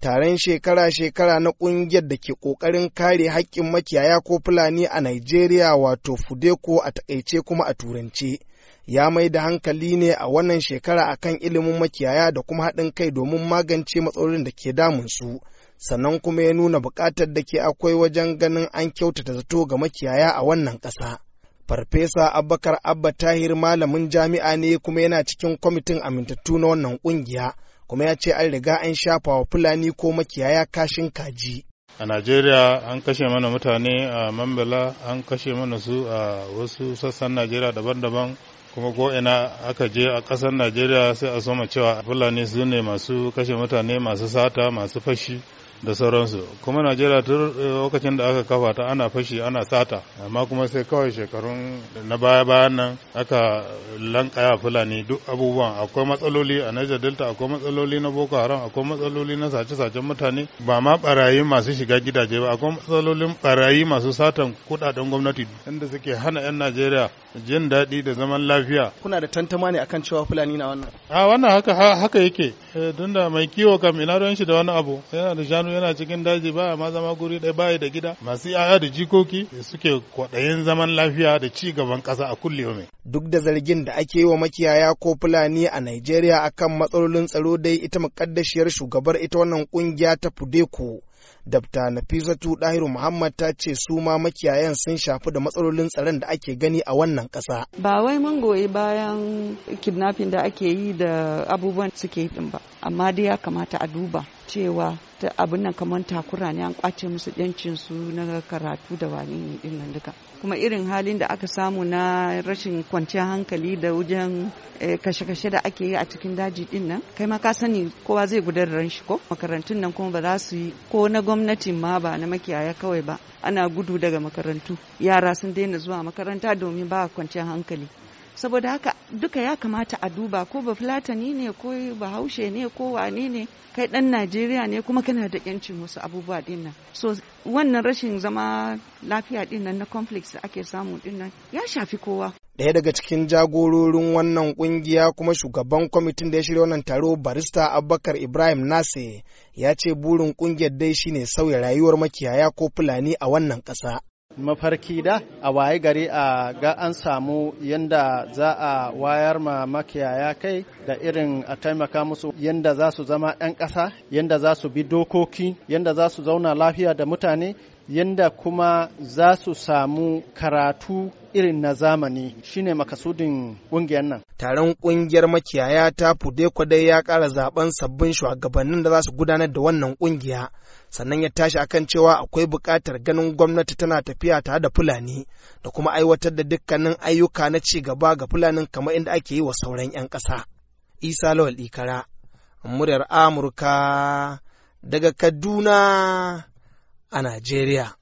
taron shekara-shekara na ƙungiyar da ke ƙoƙarin kare haƙƙin makiyaya ko Fulani a Najeriya wato Fudeko a taƙaice kuma a Turance. Ya mai da hankali ne a wannan shekara akan ilimin makiyaya da kuma haɗin kai domin magance matsalolin da ke damunsu. Sannan kuma ya nuna buƙatar da ke akwai wajen ganin an kyautata zato ga makiyaya a wannan ƙasa. Farfesa Abubakar Abba Tahir malamin jami'a ne kuma yana cikin kwamitin amintattu na wannan ƙungiya. kuma ya ce an riga an shafa wa fulani ko makiyaya kashin kaji a najeriya an kashe mana mutane a mambala an kashe mana su a wasu sassan najeriya daban-daban kuma ko ina aka je a ƙasar najeriya sai a soma cewa fulani su ne masu kashe mutane masu sata masu fashi da sauransu kuma najeriya tun eh, lokacin da aka kafa ta ana fashi ana sata amma kuma sai kawai shekarun na baya bayan nan aka lankaya fulani duk abubuwan akwai matsaloli a niger delta akwai matsaloli na boko haram akwai matsaloli na sace-sacen mutane ba ma barayi masu shiga gidaje ba akwai matsalolin barayi masu satan kudaden gwamnati inda suke hana 'yan najeriya jin daɗi da zaman lafiya kuna da tantama ne akan cewa fulani na wannan a wannan haka haka yake eh, tunda mai kiwo kam ina ruwan shi da wani abu yana da yana cikin daji ba ma zama guri ɗaya ba da gida masu yaya da jikoki suke kwaɗayin zaman lafiya da ci gaban ƙasa a kulle yau duk da zargin da ake yi wa makiyaya ko fulani a nigeria akan matsalolin tsaro dai ita muƙaddashiyar shugabar ita wannan ƙungiya ta Fudeku Dabta Nafisatu Dahiru Muhammad ta ce su ma makiyayan sun shafi da matsalolin tsaron da ake gani a wannan kasa. Ba wai mun goyi bayan kidnapping da ake yi da abubuwan suke din ba, amma dai ya kamata a duba cewa ta abin nan kamar takura ne an kwace musu yancin su na karatu da wani ne din nan duka kuma irin halin da aka samu na rashin kwanciyar hankali da wajen eh, kashe-kashe da ake yi a cikin daji din nan kai ma ka sani kowa zai gudanar da shi ko makarantun nan kuma ba za su yi ko na gwamnatin ma ba na makiyaya kawai ba ana gudu daga makarantu yara sun daina zuwa makaranta domin ba kwanciyar hankali saboda haka duka ya kamata a duba ko ba fulatani ne ko bahaushe ne ko wane ne kai dan najeriya ne kuma kana da yancin wasu abubuwa dinnan so wannan rashin zama lafiya dinnan na conflicts ake samu dinnan ya shafi kowa Daya daga cikin jagororin wannan kungiya kuma shugaban kwamitin da ya shirya wannan taro barista Abubakar Ibrahim Nase ya ce burin kungiyar dai shine sauya rayuwar makiyaya ko Fulani a wannan kasa mafarki da a waye gari a ga an samu yadda za a wayar ma makiyaya kai da irin a taimaka musu yadda za su zama 'yan ƙasa yadda za su bi dokoki yadda za su zauna lafiya da mutane yanda kuma za su samu karatu irin na zamani shine makasudin ƙungiyar nan. Taron ƙungiyar makiyaya ta fude kwadai ya ƙara zaben sabbin shugabannin da za su gudanar da wannan ƙungiya. Sannan ya tashi akan cewa akwai buƙatar ganin gwamnati tana tafiya tare da Fulani da kuma aiwatar da dukkanin ayyuka na ci gaba ga Fulanin kamar inda ake yi wa sauran 'yan ƙasa. Isa Lawal Ikara, muryar Amurka daga Kaduna a Najeriya.